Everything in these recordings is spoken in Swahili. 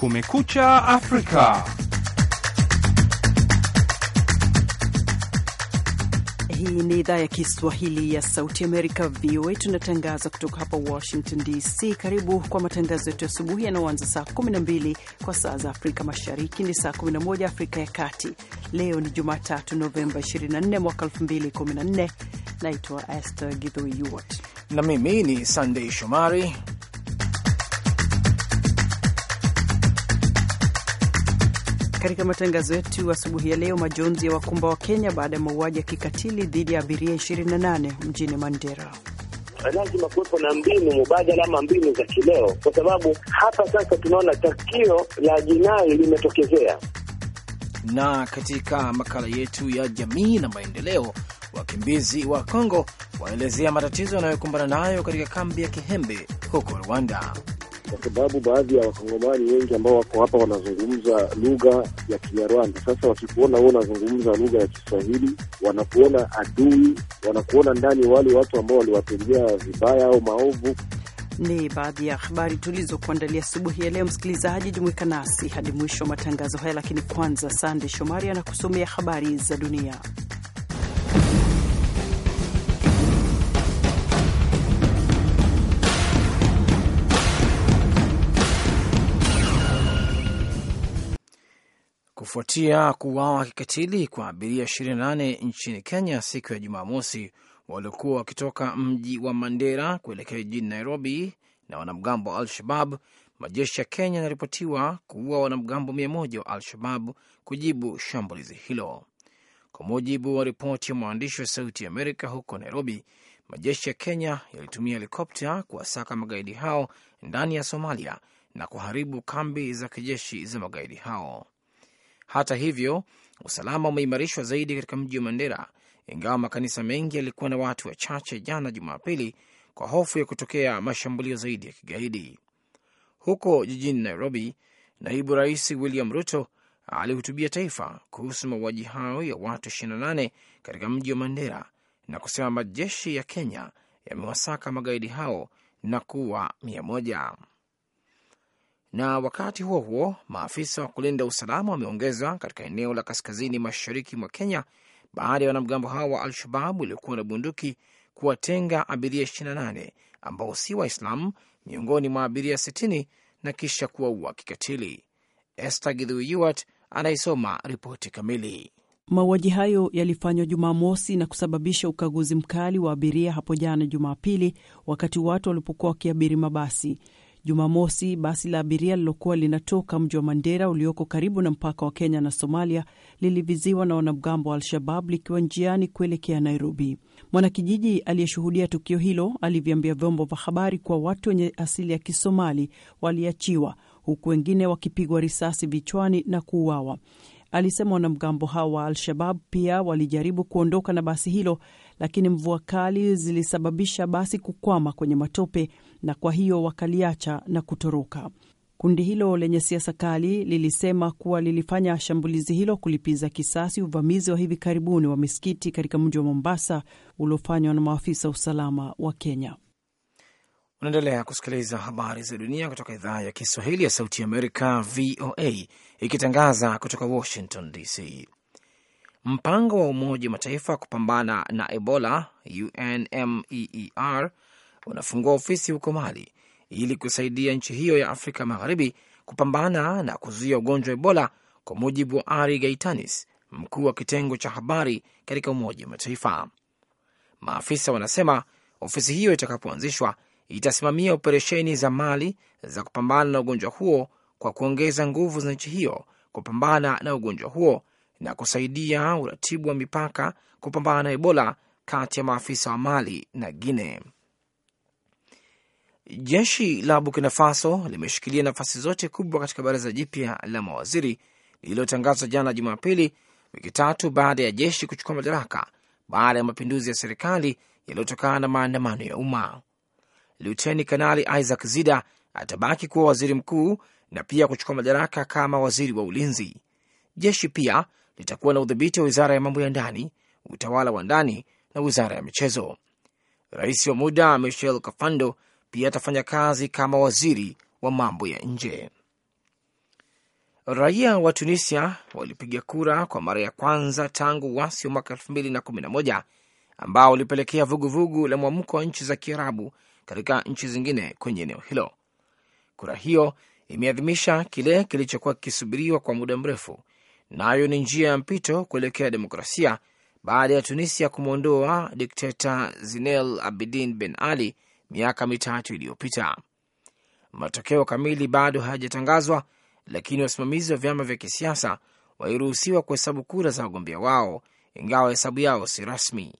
Kumekucha Afrika. Hii ni idhaa ya Kiswahili ya Sauti Amerika, VOA. Tunatangaza kutoka hapa Washington DC. Karibu kwa matangazo yetu ya asubuhi yanayoanza saa 12 kwa saa za Afrika Mashariki, ni saa 11 Afrika ya Kati. Leo ni Jumatatu, Novemba 24 mwaka 2014. Naitwa Esther Githui na mimi ni Sandei Shomari Katika matangazo yetu asubuhi ya leo, majonzi ya wakumba wa Kenya baada ya mauaji ya kikatili dhidi ya abiria 28 mjini Mandera. Lazima kuwepo na mbinu mubadala ama mbinu za kileo, kwa sababu hapa sasa tunaona tukio la jinai limetokezea. Na katika makala yetu ya jamii na maendeleo, wakimbizi wa Kongo waelezea matatizo yanayokumbana nayo katika kambi ya Kihembe huko Rwanda kwa sababu baadhi ya wakongomani wengi ambao wako hapa wanazungumza lugha ya Kinyarwanda. Sasa wakikuona wewe unazungumza lugha ya Kiswahili, wanakuona adui, wanakuona ndani wale watu ambao waliwatendea vibaya au maovu. Ni baadhi ya habari tulizokuandalia asubuhi ya leo. Msikilizaji, jumuika nasi hadi mwisho wa matangazo haya, lakini kwanza, Sande Shomari anakusomea habari za dunia. kufuatia kuuawa kikatili kwa abiria 28 nchini Kenya siku ya Jumamosi waliokuwa wakitoka mji wa Mandera kuelekea jijini Nairobi na wanamgambo wa Al-Shabab. Majeshi ya Kenya yanaripotiwa kuua wanamgambo 1 wa Al-Shabab kujibu shambulizi hilo, kwa mujibu wa ripoti ya mwandishi wa Sauti Amerika huko Nairobi. Majeshi ya Kenya yalitumia helikopta kuwasaka magaidi hao ndani ya Somalia na kuharibu kambi za kijeshi za magaidi hao. Hata hivyo, usalama umeimarishwa zaidi katika mji wa Mandera, ingawa makanisa mengi yalikuwa na watu wachache jana Jumapili kwa hofu ya kutokea mashambulio zaidi ya kigaidi. Huko jijini Nairobi, naibu rais William Ruto alihutubia taifa kuhusu mauaji hayo ya watu 28 katika mji wa Mandera na kusema majeshi ya Kenya yamewasaka magaidi hao na kuwa mia moja. Na wakati huo huo, maafisa wa kulinda usalama wameongezwa katika eneo la kaskazini mashariki mwa Kenya baada ya wanamgambo hao wa Al-Shabab waliokuwa na bunduki kuwatenga abiria 28 ambao si Waislamu miongoni mwa abiria 60 na kisha kuwaua kikatili. Esther Githuiwat anaisoma ripoti kamili. Mauaji hayo yalifanywa Jumamosi na kusababisha ukaguzi mkali wa abiria hapo jana Jumapili, wakati watu walipokuwa wakiabiri mabasi. Jumamosi, basi la abiria lilokuwa linatoka mji wa Mandera ulioko karibu na mpaka wa Kenya na Somalia liliviziwa na wanamgambo wa Al-Shabab likiwa njiani kuelekea Nairobi. Mwanakijiji aliyeshuhudia tukio hilo alivyambia vyombo vya habari kuwa watu wenye asili ya Kisomali waliachiwa huku wengine wakipigwa risasi vichwani na kuuawa. Alisema wanamgambo hao wa Al-Shabab pia walijaribu kuondoka na basi hilo, lakini mvua kali zilisababisha basi kukwama kwenye matope, na kwa hiyo wakaliacha na kutoroka. Kundi hilo lenye siasa kali lilisema kuwa lilifanya shambulizi hilo kulipiza kisasi uvamizi wa hivi karibuni wa misikiti katika mji wa Mombasa uliofanywa na maafisa usalama wa Kenya. Unaendelea kusikiliza habari za dunia kutoka idhaa ya Kiswahili ya Sauti ya Amerika, VOA, ikitangaza kutoka Washington DC. Mpango wa Umoja wa Mataifa kupambana na Ebola, UNMEER, unafungua ofisi huko Mali ili kusaidia nchi hiyo ya Afrika Magharibi kupambana na kuzuia ugonjwa wa Ebola, kwa mujibu wa Ari Gaitanis, mkuu wa kitengo cha habari katika Umoja wa Mataifa. Maafisa wanasema ofisi hiyo itakapoanzishwa itasimamia operesheni za Mali za kupambana na ugonjwa huo kwa kuongeza nguvu za nchi hiyo kupambana na ugonjwa huo na kusaidia uratibu wa mipaka kupambana na Ebola kati ya maafisa wa Mali na Guine. Jeshi la Burkina Faso limeshikilia nafasi zote kubwa katika baraza jipya la mawaziri lililotangazwa jana Jumapili, wiki tatu baada ya jeshi kuchukua madaraka baada ya mapinduzi ya serikali yaliyotokana na maandamano ya umma. Luteni Kanali Isaac Zida atabaki kuwa waziri mkuu na pia kuchukua madaraka kama waziri wa ulinzi. Jeshi pia litakuwa na udhibiti wa wizara ya mambo ya ndani, utawala wa ndani na wizara ya michezo. Rais wa muda Michel Kafando pia atafanya kazi kama waziri wa mambo ya nje. Raia wa Tunisia walipiga kura kwa mara ya kwanza tangu wasi wa mwaka elfu mbili na kumi na moja ambao ulipelekea vuguvugu la mwamko wa nchi za Kiarabu katika nchi zingine kwenye eneo hilo. Kura hiyo imeadhimisha kile kilichokuwa kikisubiriwa kwa muda mrefu, nayo ni njia ya mpito kuelekea demokrasia baada ya Tunisia kumwondoa dikteta Zinel Abidin Ben Ali miaka mitatu iliyopita. Matokeo kamili bado hayajatangazwa, lakini wasimamizi wa vyama vya kisiasa waliruhusiwa kuhesabu kura za wagombea wao, ingawa hesabu yao si rasmi.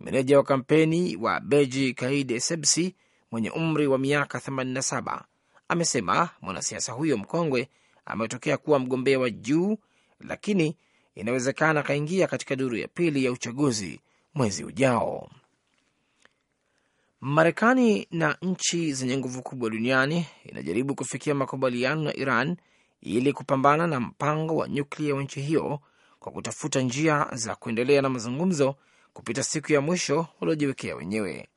Meneja wa kampeni wa Beji Kaid Essebsi mwenye umri wa miaka 87 amesema mwanasiasa huyo mkongwe ametokea kuwa mgombea wa juu lakini inawezekana akaingia katika duru ya pili ya uchaguzi mwezi ujao. Marekani na nchi zenye nguvu kubwa duniani inajaribu kufikia makubaliano na Iran ili kupambana na mpango wa nyuklia wa nchi hiyo kwa kutafuta njia za kuendelea na mazungumzo kupita siku ya mwisho waliojiwekea wenyewe.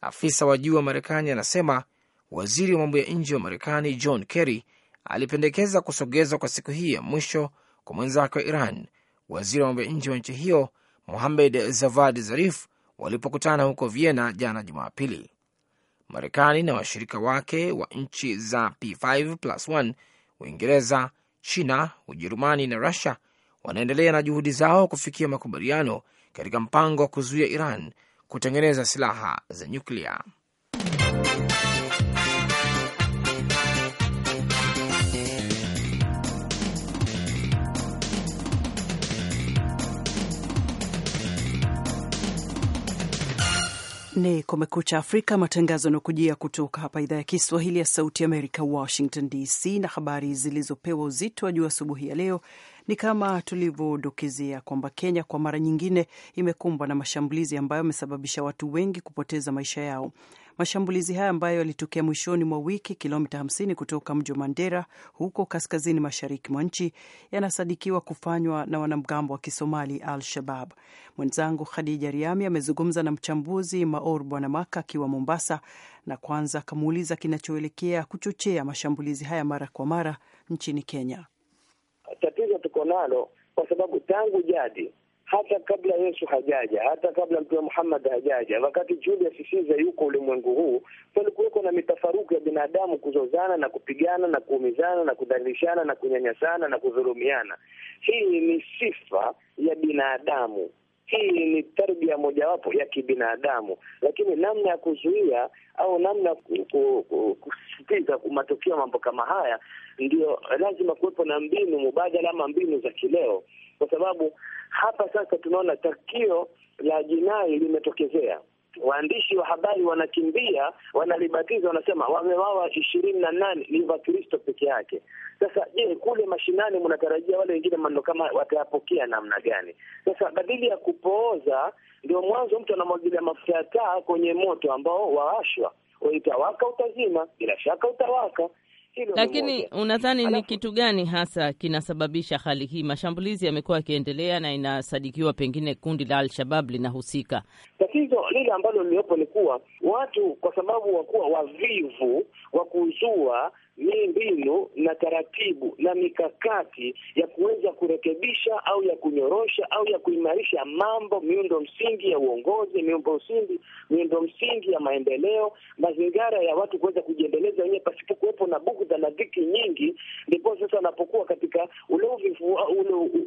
Afisa wa juu wa Marekani anasema waziri wa mambo ya nje wa Marekani John Kerry alipendekeza kusogezwa kwa siku hii ya mwisho kwa mwenzake wa Iran, waziri wa mambo ya nje wa nchi hiyo Mohamed Zavad Zarif walipokutana huko Vienna jana Jumapili. Marekani na washirika wake wa nchi za P5+1 Uingereza, China, Ujerumani na Rusia wanaendelea na juhudi zao kufikia makubaliano katika mpango wa kuzuia Iran kutengeneza silaha za nyuklia. ni Kumekucha Afrika, matangazo yanakujia kutoka hapa idhaa ya Kiswahili ya Sauti Amerika, Washington DC. Na habari zilizopewa uzito wa juu asubuhi ya leo ni kama tulivyodokezea kwamba Kenya kwa mara nyingine imekumbwa na mashambulizi ambayo yamesababisha watu wengi kupoteza maisha yao. Mashambulizi haya ambayo yalitokea mwishoni mwa wiki kilomita 50 kutoka mji wa Mandera huko kaskazini mashariki mwa nchi yanasadikiwa kufanywa na wanamgambo wa Kisomali Al Shabab. Mwenzangu Khadija Riami amezungumza na mchambuzi Maor Bwanamaka akiwa Mombasa, na kwanza akamuuliza kinachoelekea kuchochea mashambulizi haya mara kwa mara nchini Kenya. Tatizo tuko nalo kwa sababu tangu jadi hata kabla Yesu hajaja, hata kabla Mtume Muhammad hajaja, wakati Julius Caesar yuko ulimwengu huu, palikuweko na mitafaruku ya binadamu kuzozana na kupigana na kuumizana na kudhalilishana na kunyanyasana na kudhulumiana. Hii ni sifa ya binadamu. Hii ni tarbia mojawapo ya kibinadamu, lakini namna ya kuzuia au namna ya kusitiza matokeo mambo kama haya, ndio lazima kuwepo na mbinu mubadala ama mbinu za kileo kwa sababu hapa sasa tunaona tukio la jinai limetokezea waandishi wa habari wanakimbia, wanalibatiza, wanasema wamewawa ishirini na nane ni Wakristo peke yake. Sasa je, kule mashinani mnatarajia wale wengine mando kama watayapokea namna gani? Sasa badili ya kupooza, ndio mwanzo mtu anamwagilia mafuta ya taa kwenye moto ambao wawashwa, waitawaka utazima, bila shaka utawaka. Lakini unadhani ni kitu gani hasa kinasababisha hali hii? Mashambulizi yamekuwa yakiendelea na inasadikiwa pengine kundi la Al-Shabab linahusika. Tatizo lile ambalo liliopo ni kuwa watu, kwa sababu wakuwa wavivu wa kuzua ni mbinu na taratibu na mikakati ya kuweza kurekebisha au ya kunyorosha au ya kuimarisha mambo, miundo msingi ya uongozi, miundo msingi miundo msingi ya maendeleo, mazingira ya watu kuweza kujiendeleza wenyewe pasipo kuwepo na bughudha na dhiki nyingi. Ndipo sasa wanapokuwa katika ule uvivu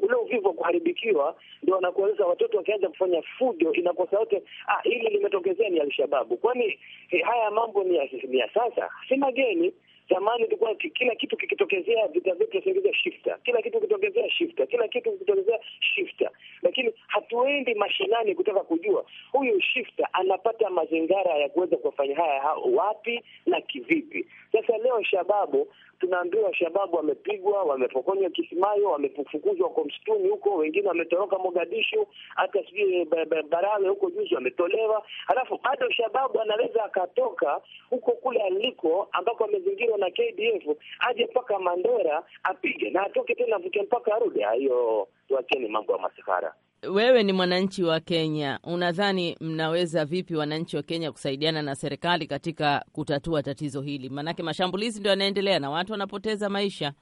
ule uvivu wa kuharibikiwa, ndio wanakuwa sasa watoto wakianza kufanya fujo, inakosa yote. Ah, hili limetokezea ni Alshababu. Kwani haya mambo ni ya, ni ya sasa si mageni. Zamani ilikuwa kila kitu kikitokezea vita vyetu tunaingiza shifta, kila kitu kitokezea shifta, kila kitu kitokezea shifta, lakini hatuendi mashinani kutaka kujua huyu shifta anapata mazingara ya kuweza kuwafanya haya wapi na kivipi. Sasa leo shababu tunaambiwa shababu wamepigwa, wamepokonywa kisimayo wamefukuzwa kwa msituni huko, wengine wametoroka Mogadishu, hata sijui Barawe huko juzi wametolewa, alafu bado shababu anaweza akatoka huko kule aliko ambako amezingirwa na KDF aje mpaka Mandera apige na atoke tena vuke mpaka arudi. Hiyo tuacheni mambo ya masihara. Wewe ni mwananchi wa Kenya, unadhani mnaweza vipi wananchi wa Kenya kusaidiana na serikali katika kutatua tatizo hili? Maanake mashambulizi ndio yanaendelea na watu wanapoteza maisha.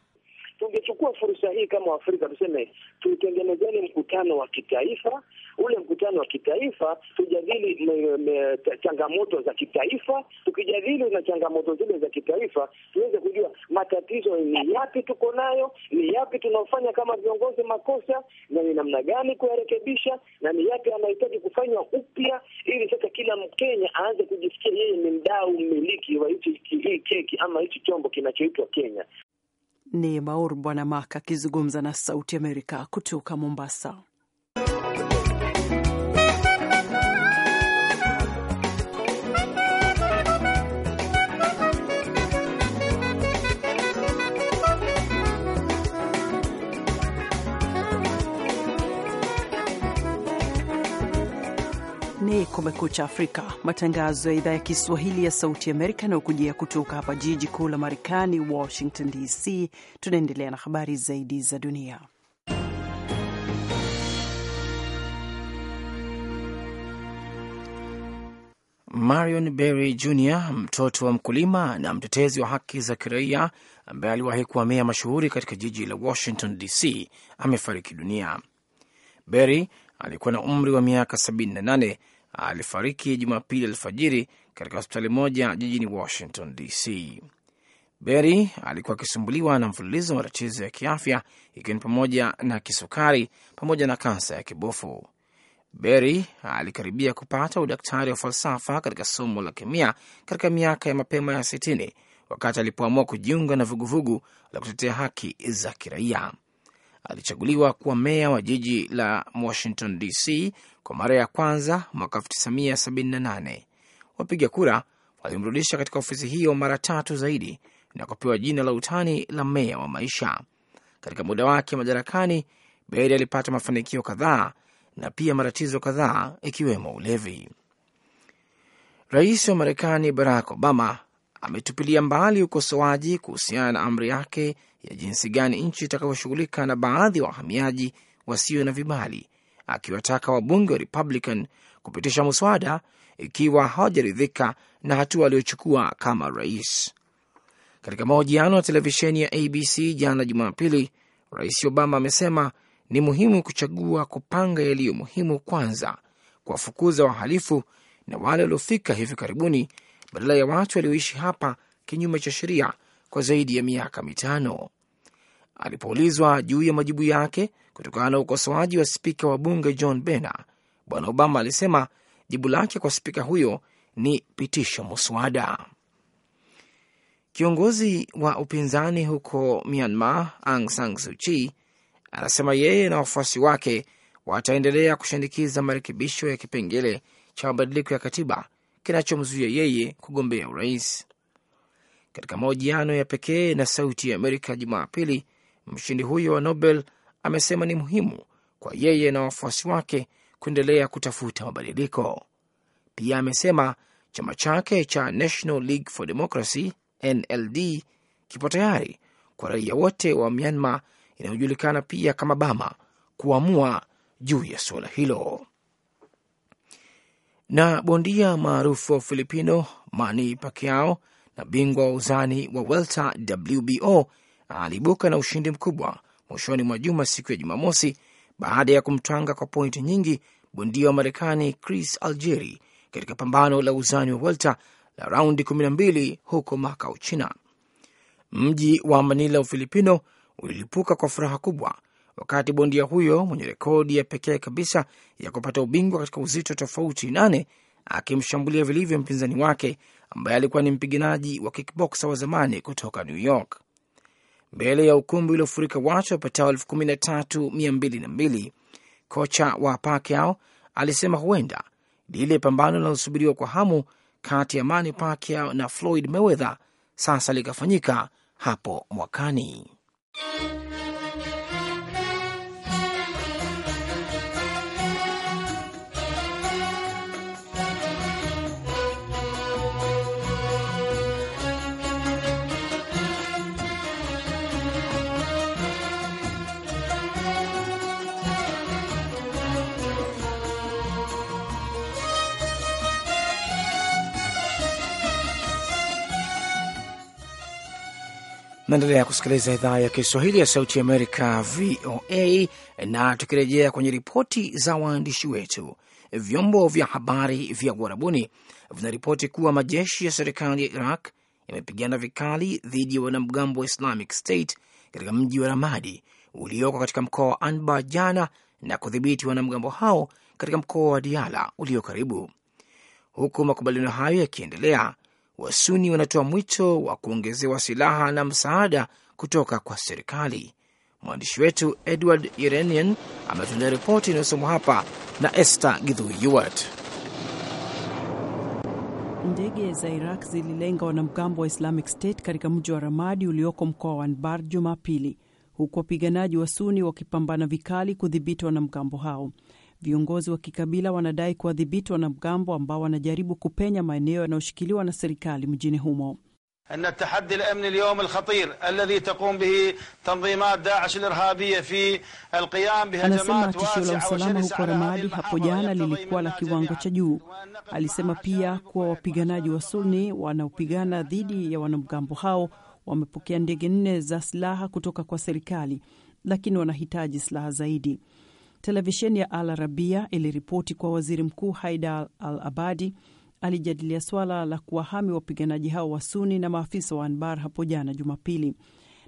Tungechukua fursa hii kama Afrika tuseme, tutengenezeni mkutano wa kitaifa ule wa kitaifa, tujadili changamoto za kitaifa. Tukijadili na changamoto zile za kitaifa, tuweze kujua matatizo ni yapi tuko nayo, ni yapi tunaofanya kama viongozi makosa, na ni namna gani kuyarekebisha, na ni yapi anahitaji kufanywa upya, ili sasa kila Mkenya aanze kujisikia yeye ni mdau mmiliki wa hii keki ama hichi chombo kinachoitwa Kenya. Ni Maur Bwana Mak akizungumza na Sauti Amerika kutoka Mombasa. ni Kumekucha Afrika, matangazo ya idhaa ya Kiswahili ya Sauti Amerika yanayokujia kutoka hapa jiji kuu la Marekani, Washington DC. Tunaendelea na habari zaidi za dunia. Marion Barry Jr, mtoto wa mkulima na mtetezi wa haki za kiraia ambaye aliwahi kuwa meya mashuhuri katika jiji la Washington DC, amefariki dunia. Barry alikuwa na umri wa miaka 78 alifariki Jumapili alfajiri katika hospitali moja jijini Washington DC. Berry alikuwa akisumbuliwa na mfululizo wa matatizo ya kiafya ikiwa ni pamoja na kisukari pamoja na kansa ya kibofu. Berry alikaribia kupata udaktari wa falsafa katika somo la kemia katika miaka ya mapema ya sitini wakati alipoamua kujiunga na vuguvugu la kutetea haki za kiraia alichaguliwa kuwa meya wa jiji la Washington DC kwa mara ya kwanza mwaka 1978. Wapiga kura walimrudisha katika ofisi hiyo mara tatu zaidi na kupewa jina la utani la meya wa maisha. Katika muda wake madarakani, beri alipata mafanikio kadhaa na pia matatizo kadhaa ikiwemo ulevi. Rais wa Marekani Barack Obama ametupilia mbali ukosoaji kuhusiana na amri yake ya jinsi gani nchi itakavyoshughulika na baadhi ya wa wahamiaji wasio na vibali, akiwataka wabunge wa Republican kupitisha muswada ikiwa hawajaridhika na hatua aliyochukua kama rais. Katika mahojiano ya televisheni ya ABC jana Jumapili, Rais Obama amesema ni muhimu kuchagua kupanga yaliyo muhimu kwanza, kuwafukuza wahalifu na wale waliofika hivi karibuni badala ya watu walioishi hapa kinyume cha sheria kwa zaidi ya miaka mitano. Alipoulizwa juu ya majibu yake kutokana na ukosoaji wa spika wa bunge John Bena, Bwana Obama alisema jibu lake kwa spika huyo ni pitisho muswada. Kiongozi wa upinzani huko Myanmar Aung San Suu Kyi anasema yeye na wafuasi wake wataendelea kushinikiza marekebisho ya kipengele cha mabadiliko ya katiba kinachomzuia yeye kugombea urais. Katika mahojiano ya pekee na Sauti ya Amerika Jumapili, mshindi huyo wa Nobel amesema ni muhimu kwa yeye na wafuasi wake kuendelea kutafuta mabadiliko. Pia amesema chama chake cha National League for Democracy NLD kipo tayari kwa raia wote wa Myanmar inayojulikana pia kama Bama kuamua juu ya suala hilo na bondia maarufu wa Ufilipino Manny Pacquiao na bingwa wa uzani wa welter WBO aliibuka na ushindi mkubwa mwishoni mwa juma siku ya Jumamosi baada ya kumtanga kwa pointi nyingi bondia wa Marekani Chris algeri katika pambano la uzani wa welter la raundi 12 huko Macau, China. Mji wa Manila Ufilipino ulilipuka kwa furaha kubwa wakati bondia huyo mwenye rekodi ya pekee kabisa ya kupata ubingwa katika uzito tofauti nane akimshambulia vilivyo mpinzani wake ambaye alikuwa ni mpiganaji wa kickboksa wa zamani kutoka New York. Mbele ya ukumbi uliofurika watu wapatao elfu kumi na tatu mia mbili na mbili, kocha wa Pacquiao alisema huenda lile pambano linalosubiriwa kwa hamu kati ya Manny Pacquiao na Floyd Mayweather sasa likafanyika hapo mwakani. Naendelea kusikiliza idhaa ya Kiswahili ya Sauti ya Amerika, VOA. Na tukirejea kwenye ripoti za waandishi wetu, vyombo vya habari vya Uarabuni vinaripoti kuwa majeshi ya serikali ya Iraq yamepigana vikali dhidi ya wanamgambo wa Islamic State katika mji wa Ramadi ulioko katika mkoa wa Anbar jana na kudhibiti wanamgambo hao katika mkoa wa Diala ulio karibu. Huku makubaliano hayo yakiendelea, Wasuni wanatoa mwito wa kuongezewa silaha na msaada kutoka kwa serikali. Mwandishi wetu Edward irenian ametuandaa ripoti inayosomwa hapa na Esther Githui Ndege za Iraq zililenga wanamgambo wa Islamic State katika mji wa Ramadi ulioko mkoa wa Anbar Jumapili, huku wapiganaji wa Suni wakipambana vikali kudhibiti wanamgambo hao. Viongozi wa kikabila wanadai kuwadhibiti wanamgambo ambao wanajaribu kupenya maeneo yanayoshikiliwa na serikali mjini humo. أن tishio la usalama huko Ramadi hapo jana lilikuwa la kiwango cha juu. Alisema pia kuwa wapiganaji wa Sunni wanaopigana dhidi ya wanamgambo hao wamepokea ndege nne za silaha kutoka kwa serikali, lakini wanahitaji silaha zaidi. Televisheni ya Al Arabia iliripoti kwa waziri mkuu Haidar Al Abadi alijadilia swala la kuwahami wapiganaji hao wa Suni na maafisa wa Anbar hapo jana Jumapili.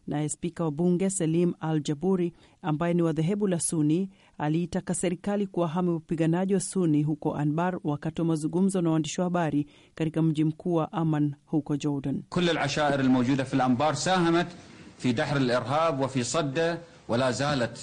Naye spika wa bunge Selim Al Jaburi, ambaye ni wa dhehebu la Suni, aliitaka serikali kuwahami wapiganaji wa Suni huko Anbar wakati wa mazungumzo na waandishi wa habari katika mji mkuu wa Aman huko Jordan. kul lashair lmaujuda fi lambar sahamat fi dahr lirhab wa fi sadda wala zalat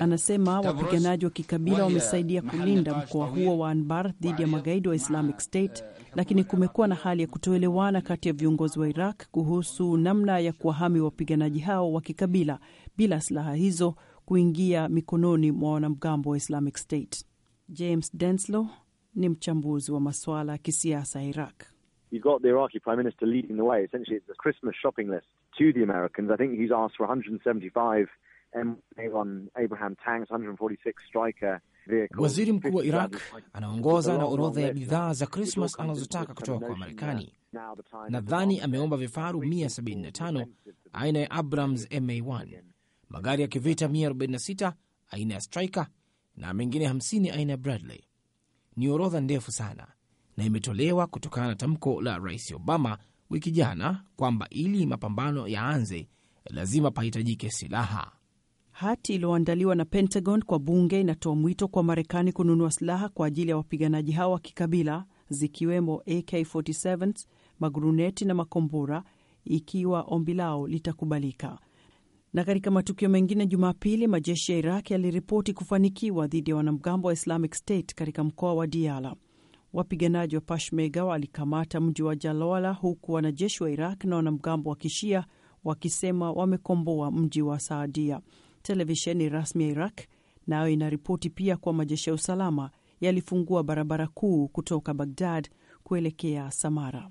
Anasema wapiganaji wa kikabila wamesaidia kulinda mkoa huo wa Anbar dhidi ya magaidi wa Islamic State, lakini kumekuwa na hali ya kutoelewana kati ya viongozi wa Iraq kuhusu namna ya kuwahami wapiganaji hao wa kikabila bila silaha hizo kuingia mikononi mwa wanamgambo wa Islamic State. James Denslow ni mchambuzi wa masuala ya kisiasa ya Iraq. You've got the Iraqi prime minister leading the way. Essentially it's a Christmas shopping list to the Americans. I think he's asked for 175 M1 Abraham tanks, 146 striker Waziri mkuu wa Iraq anaongoza na orodha ya bidhaa za Krismas anazotaka kutoka kwa Marekani. Nadhani ameomba vifaru 175 aina ya Abrams MA1, magari ya kivita 146 aina ya Striker na mengine 50 aina ya Bradley. Ni orodha ndefu sana na imetolewa kutokana na tamko la Rais Obama wiki jana kwamba ili mapambano yaanze lazima pahitajike silaha. Hati iliyoandaliwa na Pentagon kwa bunge inatoa mwito kwa Marekani kununua silaha kwa ajili ya wapiganaji hao wa kikabila zikiwemo AK47, maguruneti na makombora ikiwa ombi lao litakubalika. Na katika matukio mengine, Jumapili majeshi ya Iraq yaliripoti kufanikiwa dhidi ya wanamgambo wa Islamic State katika mkoa wa Diyala. Wapiganaji wa Peshmerga walikamata mji wa Jalala huku wanajeshi wa Iraq na wanamgambo wa Kishia wakisema wamekomboa mji wa Saadia. Televisheni rasmi ya Iraq nayo inaripoti pia kuwa majeshi ya usalama yalifungua barabara kuu kutoka Bagdad kuelekea Samara.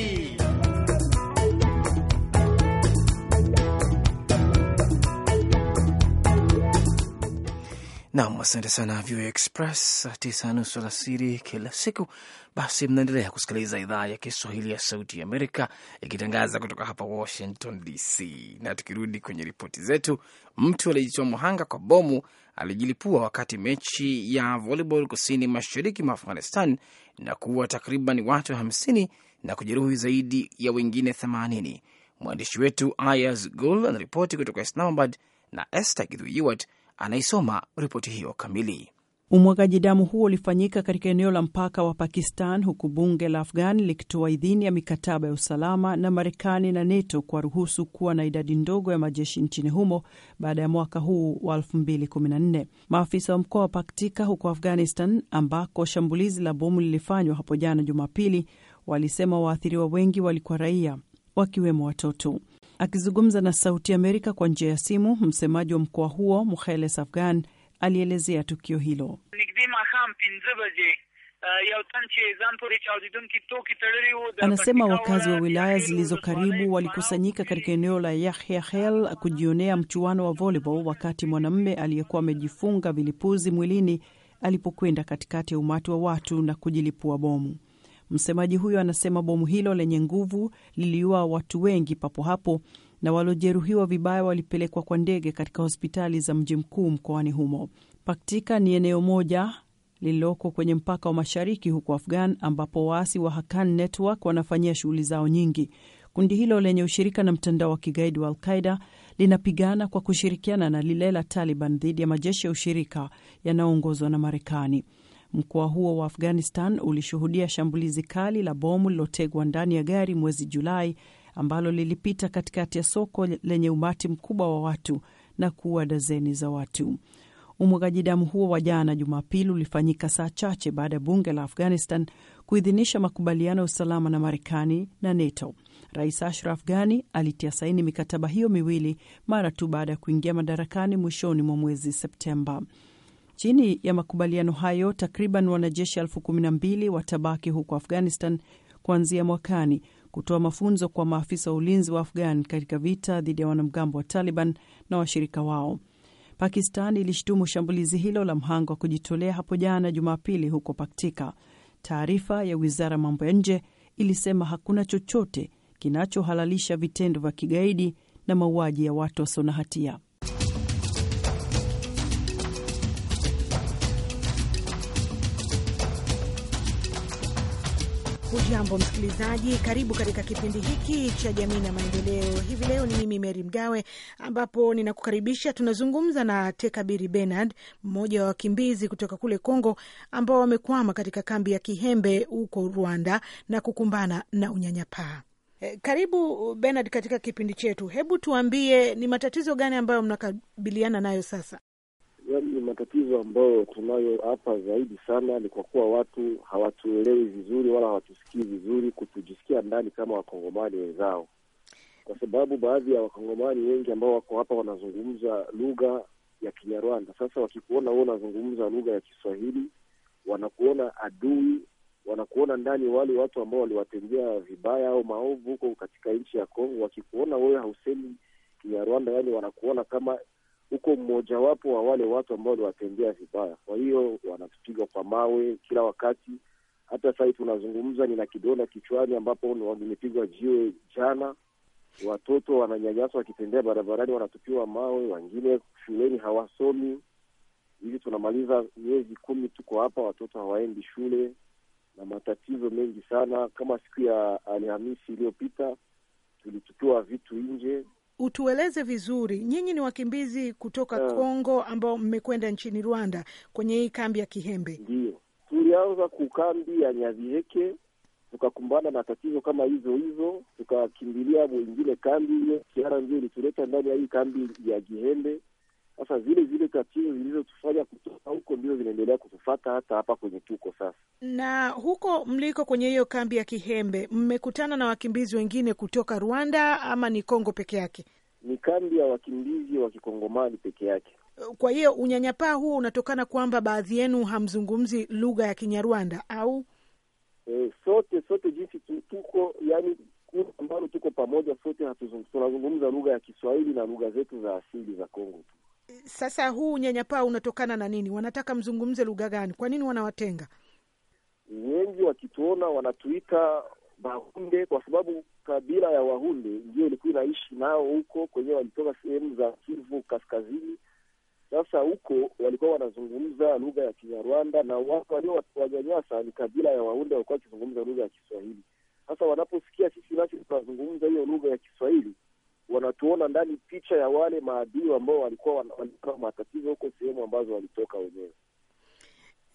Nam, asante sana VOA Express, tisa nusu alasiri kila siku. Basi mnaendelea kusikiliza idhaa ya Kiswahili ya Sauti ya Amerika ikitangaza kutoka hapa Washington DC. Na tukirudi kwenye ripoti zetu, mtu aliyejitoa muhanga kwa bomu alijilipua wakati mechi ya volleyball kusini mashariki mwa Afghanistan na kuwa takriban watu 50 na kujeruhi zaidi ya wengine 80. Mwandishi wetu Ayaz Gul anaripoti kutoka Islamabad na Esther Githuiwat anaisoma ripoti hiyo kamili. Umwagaji damu huo ulifanyika katika eneo la mpaka wa Pakistan, huku bunge la afghan likitoa idhini ya mikataba ya usalama na Marekani na NATO ruhusu kuwa na idadi ndogo ya majeshi nchini humo baada ya mwaka huu wa 2014. Maafisa wa mkoa wa Paktika huko Afghanistan, ambako shambulizi la bomu lilifanywa hapo jana Jumapili, walisema waathiriwa wengi walikuwa raia wakiwemo watoto. Akizungumza na Sauti Amerika kwa njia ya simu, msemaji wa mkoa huo Mukhele afghan alielezea tukio hilo. Anasema wakazi wa wilaya zilizo karibu walikusanyika katika eneo la Yahyahel kujionea mchuano wa volleyball wakati mwanamume aliyekuwa amejifunga vilipuzi mwilini alipokwenda katikati ya umati wa watu na kujilipua bomu. Msemaji huyo anasema bomu hilo lenye nguvu liliua watu wengi papo hapo na waliojeruhiwa vibaya walipelekwa kwa ndege katika hospitali za mji mkuu mkoani humo. Paktika ni eneo moja lililoko kwenye mpaka wa mashariki huko Afghan, ambapo waasi wa Hakan Network wanafanyia shughuli zao nyingi. Kundi hilo lenye ushirika na mtandao wa kigaidi wa Alqaida linapigana kwa kushirikiana na lile la Taliban dhidi ya majeshi ya ushirika yanayoongozwa na Marekani. Mkoa huo wa Afghanistan ulishuhudia shambulizi kali la bomu lilotegwa ndani ya gari mwezi Julai ambalo lilipita katikati ya soko lenye umati mkubwa wa watu na kuua dazeni za watu. Umwagaji damu huo wa jana Jumapili ulifanyika saa chache baada ya bunge la Afghanistan kuidhinisha makubaliano ya usalama na Marekani na NATO. Rais Ashraf Ghani alitia saini mikataba hiyo miwili mara tu baada ya kuingia madarakani mwishoni mwa mwezi Septemba. Chini ya makubaliano hayo, takriban wanajeshi elfu kumi na mbili watabaki huko Afghanistan kuanzia mwakani kutoa mafunzo kwa maafisa wa ulinzi wa Afghan katika vita dhidi ya wanamgambo wa Taliban na washirika wao. Pakistan ilishtumu shambulizi hilo la mhanga wa kujitolea hapo jana Jumapili huko Paktika. Taarifa ya wizara ya mambo ya nje ilisema hakuna chochote kinachohalalisha vitendo vya kigaidi na mauaji ya watu wasio na hatia. Hujambo msikilizaji, karibu katika kipindi hiki cha jamii na maendeleo. Hivi leo ni mimi Meri Mgawe, ambapo ninakukaribisha. Tunazungumza na Tekabiri Benard, mmoja wa wakimbizi kutoka kule congo ambao wamekwama katika kambi ya Kihembe huko Rwanda na kukumbana na unyanyapaa. Eh, karibu Benard katika kipindi chetu. Hebu tuambie ni matatizo gani ambayo mnakabiliana nayo sasa? Yani, matatizo ambayo tunayo hapa zaidi sana ni kwa kuwa watu hawatuelewi vizuri wala hawatusikii vizuri kutujisikia ndani kama wakongomani wenzao, kwa sababu baadhi ya wakongomani wengi ambao wako hapa wanazungumza lugha ya Kinyarwanda. Sasa wakikuona wewe unazungumza lugha ya Kiswahili, wanakuona adui, wanakuona ndani wale watu ambao waliwatendea vibaya au maovu huko katika nchi ya Kongo. Wakikuona wewe hausemi Kinyarwanda, yani wanakuona kama uko mmojawapo wa wale watu ambao waliwatendea vibaya. Kwa hiyo wanapigwa kwa mawe kila wakati, hata sahii tunazungumza, nina kidonda kichwani ambapo nimepigwa jiwe jana. Watoto wananyanyaswa wakitembea barabarani, wanatupiwa mawe, wengine shuleni hawasomi. Hivi tunamaliza miezi kumi, tuko hapa, watoto hawaendi shule na matatizo mengi sana. Kama siku ya Alhamisi iliyopita tulitupiwa vitu nje utueleze vizuri, nyinyi ni wakimbizi kutoka yeah, Kongo ambao mmekwenda nchini Rwanda kwenye hii kambi ya Kihembe. ndio tulianza kukambi ya nyaviheke tukakumbana na tatizo kama hizo hizo, tukakimbilia mwingine kambi hiyo. Kiara ndio ilituleta ndani ya hii kambi ya Kihembe sasa zile zile tatizo zilizotufanya kutoka huko ndio zinaendelea kutufata hata hapa kwenye tuko sasa. Na huko mliko kwenye hiyo kambi ya Kihembe, mmekutana na wakimbizi wengine kutoka Rwanda ama ni Kongo peke yake? Ni kambi ya wakimbizi wa kikongomani peke yake. Kwa hiyo unyanyapaa huo unatokana kwamba baadhi yenu hamzungumzi lugha ya Kinyarwanda au e? Sote sote jinsi tuko yani ambalo tuko pamoja sote tunazungumza lugha ya Kiswahili na lugha zetu za asili za Kongo sasa huu unyanyapaa unatokana na nini? Wanataka mzungumze lugha gani? Kwa nini wanawatenga? Wengi wakituona wanatuita Bahunde kwa sababu kabila ya Wahunde ndio ilikuwa inaishi nao huko, kwenyewe walitoka sehemu za Kivu Kaskazini. Sasa huko walikuwa wanazungumza lugha ya Kinyarwanda, na watu walio wanyanyasa ni kabila ya Wahunde, walikuwa wakizungumza lugha ya Kiswahili. Sasa wanaposikia sisi nasi tunazungumza hiyo lugha ya Kiswahili wanatuona ndani picha ya wale maadui ambao walikuwa wanaa matatizo huko sehemu ambazo walitoka wenyewe.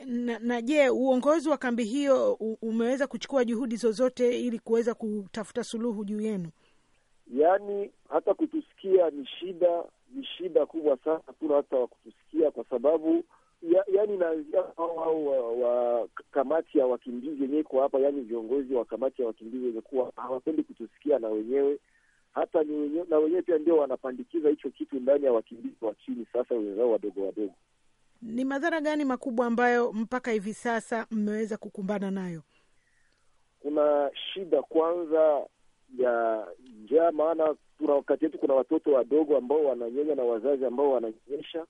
Na, na je, uongozi wa kambi hiyo umeweza kuchukua juhudi zozote ili kuweza kutafuta suluhu juu yenu? Yaani hata kutusikia ni shida, ni shida kubwa sana. Hakuna hata wa kutusikia kwa sababu ya, yani naanzia hao wa kamati ya wakimbizi wenyewe kwa hapa, yani viongozi wa kamati ya wakimbizi wenye kuwa hawapendi kutusikia na wenyewe hata ni na wenyewe pia ndio wanapandikiza hicho kitu ndani ya wakimbizi wa chini, sasa wenzao wadogo wadogo. Ni madhara gani makubwa ambayo mpaka hivi sasa mmeweza kukumbana nayo? Kuna shida kwanza ya njaa, maana kuna wakati yetu kuna watoto wadogo ambao wananyonya na wazazi ambao wananyonyesha,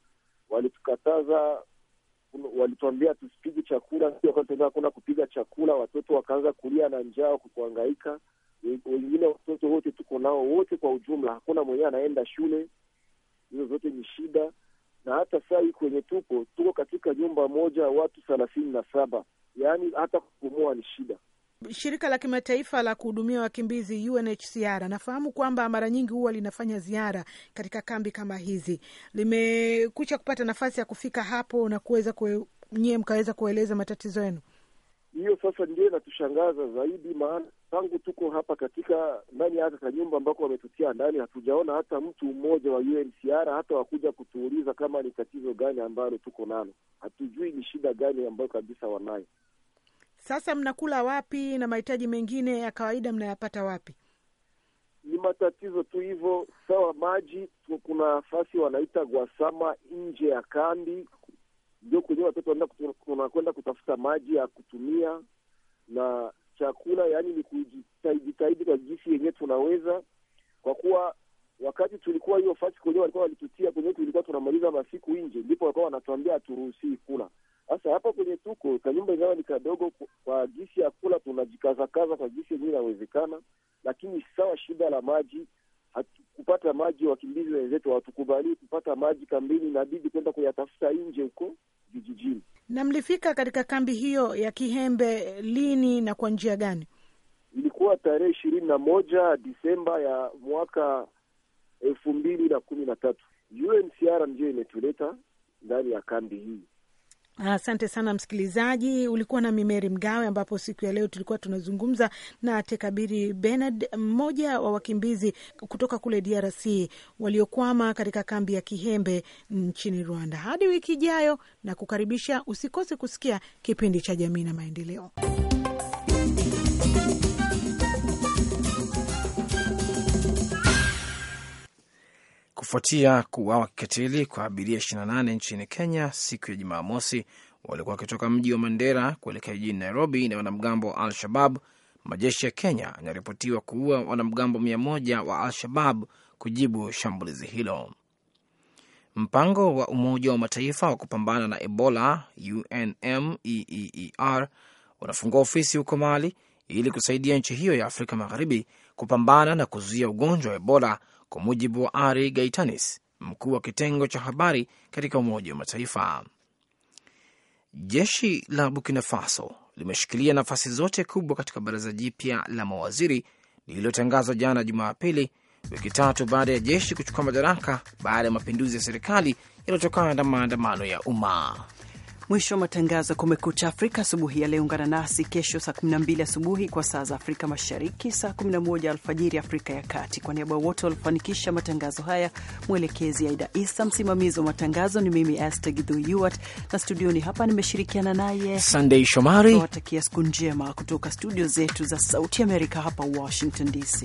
walitukataza walituambia tusipige chakula, hakuna kupiga chakula. Watoto wakaanza kulia na njaa, kukuangaika wengine watoto wote tuko nao wote kwa ujumla, hakuna mwenyewe anaenda shule. Hizo zote ni shida, na hata saa hii kwenye tuko tuko katika nyumba moja watu thelathini na saba, yaani hata kupumua ni shida. Shirika la kimataifa la kuhudumia wakimbizi UNHCR nafahamu kwamba mara nyingi huwa linafanya ziara katika kambi kama hizi, limekucha kupata nafasi ya kufika hapo na kuweza nyie mkaweza kueleza matatizo yenu? Hiyo sasa ndio inatushangaza zaidi, maana tangu tuko hapa katika ndani ya haka nyumba ambako wametutia ndani, hatujaona hata mtu mmoja wa UNHCR hata wakuja kutuuliza kama ni tatizo gani ambalo tuko nalo. Hatujui ni shida gani ambayo kabisa wanayo. Sasa mnakula wapi na mahitaji mengine ya kawaida mnayapata wapi? Ni matatizo tu hivyo. Sawa, maji, kuna nafasi wanaita gwasama nje ya kambi, ndio kwenyewe watoto wanakwenda kutafuta maji ya kutumia na chakula. Yaani ni kujitahidi kwa jinsi yenyewe tunaweza, kwa kuwa wakati tulikuwa hiyo fasi kwenyewe walikuwa walitutia kwenye tulikuwa tunamaliza masiku nje, ndipo walikuwa wanatuambia haturuhusii kula. Sasa hapa kwenye tuko kanyumba ingawa ni kadogo kwa jinsi ya kula, tunajikazakaza kwa jinsi yenyewe inawezekana, lakini sawa, shida la maji kupata maji. Wakimbizi wenzetu hawatukubalii kupata maji kambini, inabidi kwenda kuyatafuta nje huko vijijini. Na mlifika katika kambi hiyo ya Kihembe lini na kwa njia gani? Ilikuwa tarehe ishirini na moja Disemba ya mwaka elfu mbili na kumi na tatu. UNHCR ndio imetuleta ndani ya kambi hii Asante sana msikilizaji, ulikuwa na Mimeri Mgawe, ambapo siku ya leo tulikuwa tunazungumza na Tekabiri Benard, mmoja wa wakimbizi kutoka kule DRC waliokwama katika kambi ya Kihembe nchini Rwanda. Hadi wiki ijayo, na kukaribisha usikose kusikia kipindi cha Jamii na Maendeleo. kufuatia kuuawa kikatili kwa abiria 28 nchini Kenya siku ya Jumamosi walikuwa wakitoka mji wa Mandera kuelekea jijini Nairobi na wanamgambo wa Al-Shabab. Majeshi ya Kenya yanaripotiwa kuua wanamgambo mia moja wa Al-Shabab kujibu shambulizi hilo. Mpango wa Umoja wa Mataifa wa kupambana na Ebola, UNMEER, e unafungua ofisi huko Mali ili kusaidia nchi hiyo ya Afrika Magharibi kupambana na kuzuia ugonjwa wa Ebola kwa mujibu wa Ari Gaitanis, mkuu wa kitengo cha habari katika Umoja wa Mataifa. Jeshi la Burkina Faso limeshikilia nafasi zote kubwa katika baraza jipya la mawaziri lililotangazwa jana Jumapili, wiki tatu baada ya jeshi kuchukua madaraka baada ya mapinduzi ya serikali yaliyotokana na maandamano ya umma. Mwisho wa matangazo ya Kumekucha Afrika asubuhi ya leo. Ungana nasi kesho saa 12 asubuhi kwa saa za Afrika Mashariki, saa 11 alfajiri Afrika ya Kati. Kwa niaba wote walifanikisha matangazo haya, mwelekezi Aida Isa, msimamizi wa matangazo ni mimi Aste Gidhyuat, na studioni hapa nimeshirikiana naye Sandei Shomari. Nawatakia siku njema kutoka studio zetu za Sauti Amerika hapa Washington DC.